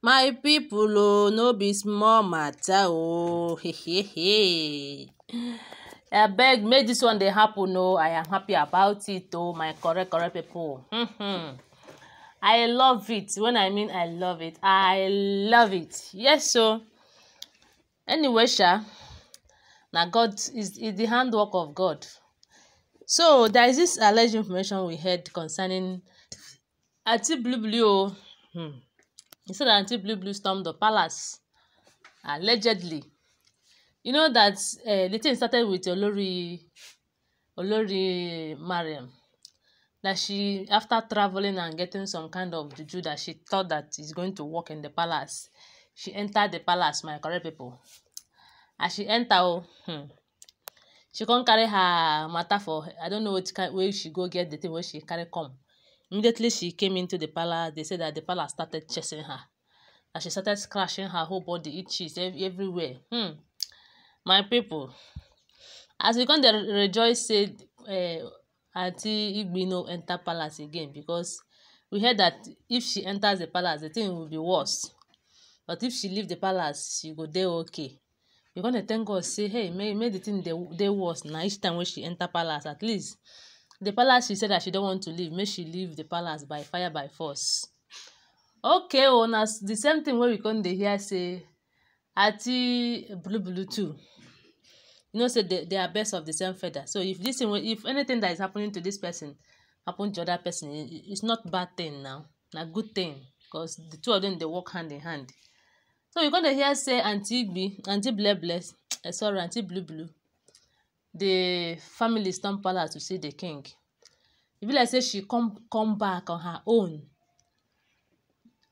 my people o oh, no be small matter o oh, abeg make this one dey happen o oh. i am happy about it o my correct correct people mm-hmm. i love it when i mean i love it i love it yes so. anyway sha na god is is the handwork of god so there is this alleged information we heard concerning ati blue blue o. Hmm. He said that Aunty Blue Blue stormed the palace allegedly. You know that uh, the thing started with Olori Olori Mariam that she after traveling and getting some kind of juju that she thought that is going to work in the palace she entered the palace my correct people as she enter oh hmm, she come carry her matter for i don't know which kind way she go get the thing wey she carry come Immediately she came into the parlor, they said that the parlor started chasing her. And she started scratching her whole body, itches everywhere. Hmm. My people. As we come, they rejoice said, uh, eh, Auntie Igbi no enter palace again because we heard that if she enters the palace, the thing will be worse. But if she leave the palace, she go dey okay. We come dey thank God say, hey, may may the thing dey worse na each time when she enter palace, at least The palace, she said that she don't want to leave. Make she leave the palace by fire, by force. Okay, on oh, well, the same thing where we come dey hear say ati blue blue too. You know, say they, they are best of the same feather. So if this thing, if anything that is happening to this person happen to other person, it's not bad thing now. Na good thing because the two of them they work hand in hand. So we come dey hear say aunty Igbi, aunty Bleh Bleh, eh, sorry, aunty Blue Blue the family storm palace to see the king e be like say she come come back on her own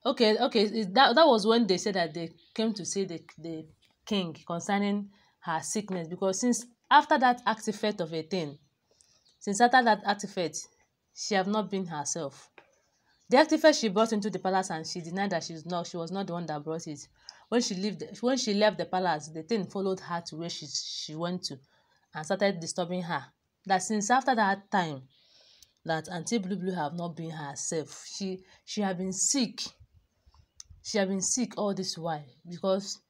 okay okay that that was when they said that they came to see the the king concerning her sickness because since after that artifact of a thing since after that artifact she have not been herself the artifact she brought into the palace and she denied that she's not she was not the one that brought it when she left when she left the palace the thing followed her to where she she went to and started disturbing her. That since after that time, that Auntie Blue Blue have not been herself. She she have been sick. She have been sick all this while because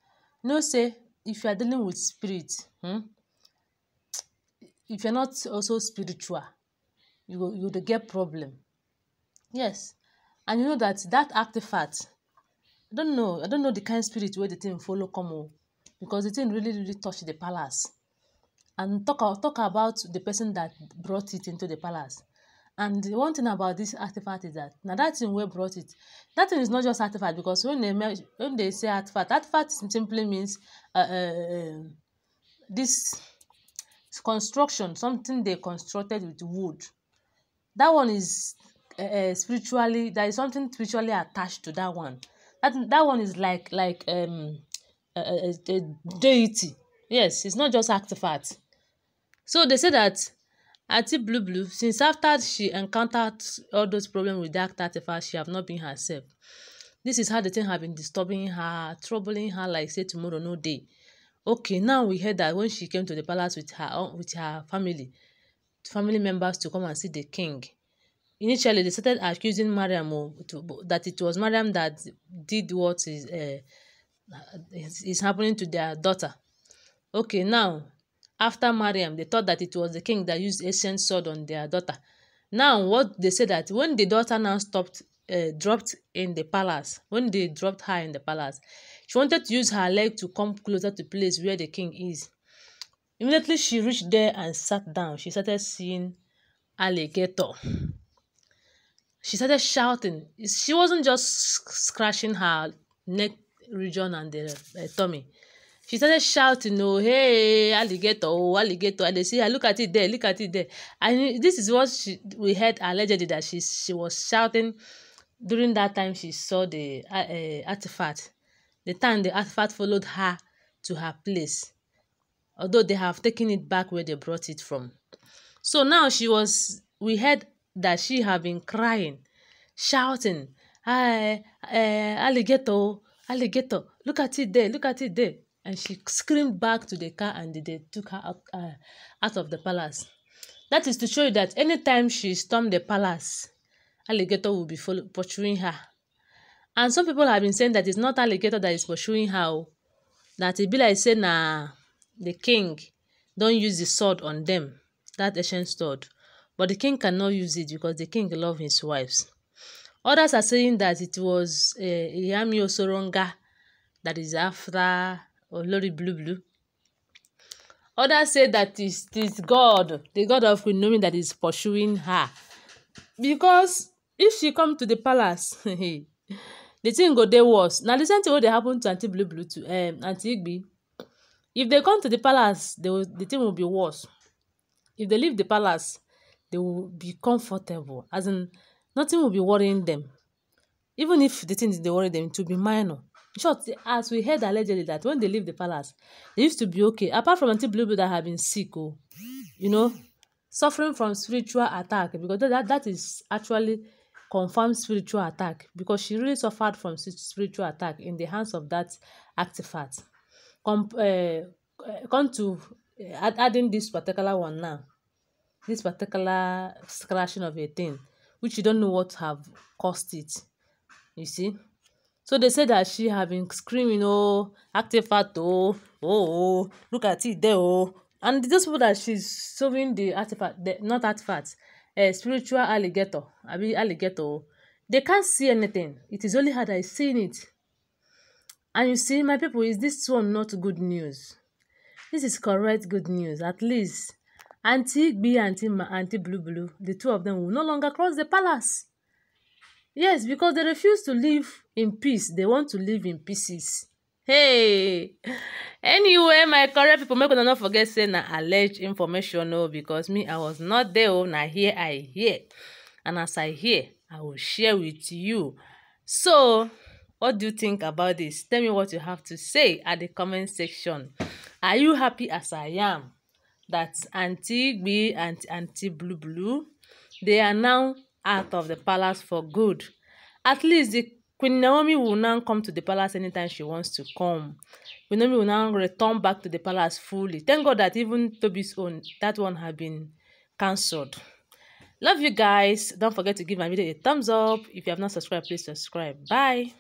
you know say if you are dealing with spirit, hmm, if you're not also spiritual, you will you get problem. Yes, and you know that that artifact. I don't know. I don't know the kind of spirit where the thing follow come o, because the thing really really touch the palace and talk talk about the person that brought it into the palace. And the one thing about this artifact is that now that thing we brought it, that thing is not just artifact because when they when they say artifact, artifact simply means uh, uh, um, this construction, something they constructed with wood. That one is uh, uh, spiritually there is something spiritually attached to that one. That that one is like like um a, a, a deity. Yes, it's not just artifact. So they say that Auntie Blue Blue, since after she encountered all those problems with Dark 35, she have not been herself. This is how the thing have been disturbing her, troubling her like say tomorrow no day. Okay, now we heard that when she came to the palace with her with her family, family members to come and see the king. Initially, they started accusing Mariam that it was Mariam that did what is, uh, is, is happening to their daughter. Okay, now after Mariam, they thought that it was the king that used ancient sword on their daughter. Now, what they say that when the daughter now stopped, uh, dropped in the palace, when they dropped her in the palace, she wanted to use her leg to come closer to place where the king is. Immediately she reached there and sat down. She started seeing alligator. She started shouting. She wasn't just scratching her neck region and the uh, tummy she started shouting oh hey alligator oh alligator And they see her look at it there look at it there and this is what she we heard allegedly that she she was shouting during that time she saw the uh, uh artifact the time the artifact followed her to her place although they have taken it back where they brought it from so now she was we heard that she had been crying shouting "Hey, uh, eh, alligator alligator look at it there look at it there and she screamed back to the car and they took her out, uh, out of the palace. That is to show you that anytime she stormed the palace, alligator will be follow, pursuing her. And some people have been saying that it's not alligator that is pursuing her, that it e be like saying nah, the king don't use the sword on them, that ancient sword. But the king cannot use it because the king loves his wives. Others are saying that it was uh, eh, Yami Osoronga that is after olórí blue blue. Others say that is is God, the God of renown that is pursuing her. Because if she come to the palace, the thing go dey worse. Na the same thing wey dey happen to Aunty Blue Blue to um, Aunty Igbi. If they come to the palace, they will, the thing will be worse. If they leave the palace, they will be comfortable. As in, nothing will be worrying them. Even if the thing dey worry them, it will be minor short, as we heard allegedly that when they leave the palace, they used to be okay. Apart from until Bluebird that had been sick, oh, you know, suffering from spiritual attack because that, that is actually confirmed spiritual attack because she really suffered from spiritual attack in the hands of that artifact. Come, uh, come to uh, adding this particular one now, this particular scratching of a thing, which you don't know what have caused it. You see. So they said that she had been screaming, oh, acting fat, oh, oh, oh, look at it there, oh. And those people that she's serving the artifact, the, not artifact, uh, spiritual alligator, I mean alligator, oh, they can't see anything. It is only her that is seeing it. And you see, my people, is this one not good news? This is correct good news, at least. Auntie B, Auntie Ma, Auntie Blue Blue, the two of them will no longer cross the palace yes because they refuse to live in peace they want to live in pieces hey anyway my correct pipo make una no forget say na alleged information o oh, because me i was not there o oh, na here i hear and as i hear i will share with you so what do you think about this tell me what you have to say at the comment section are you happy as i am that aunty gbe and aunty blue blue they are now out of the palace for good. At least the Queen Naomi will now come to the palace anytime she wants to come. Queen Naomi will now return back to the palace fully. Thank God that even Toby's own, that one had been cancelled. Love you guys. Don't forget to give my video a thumbs up. If you have not subscribed, please subscribe. Bye.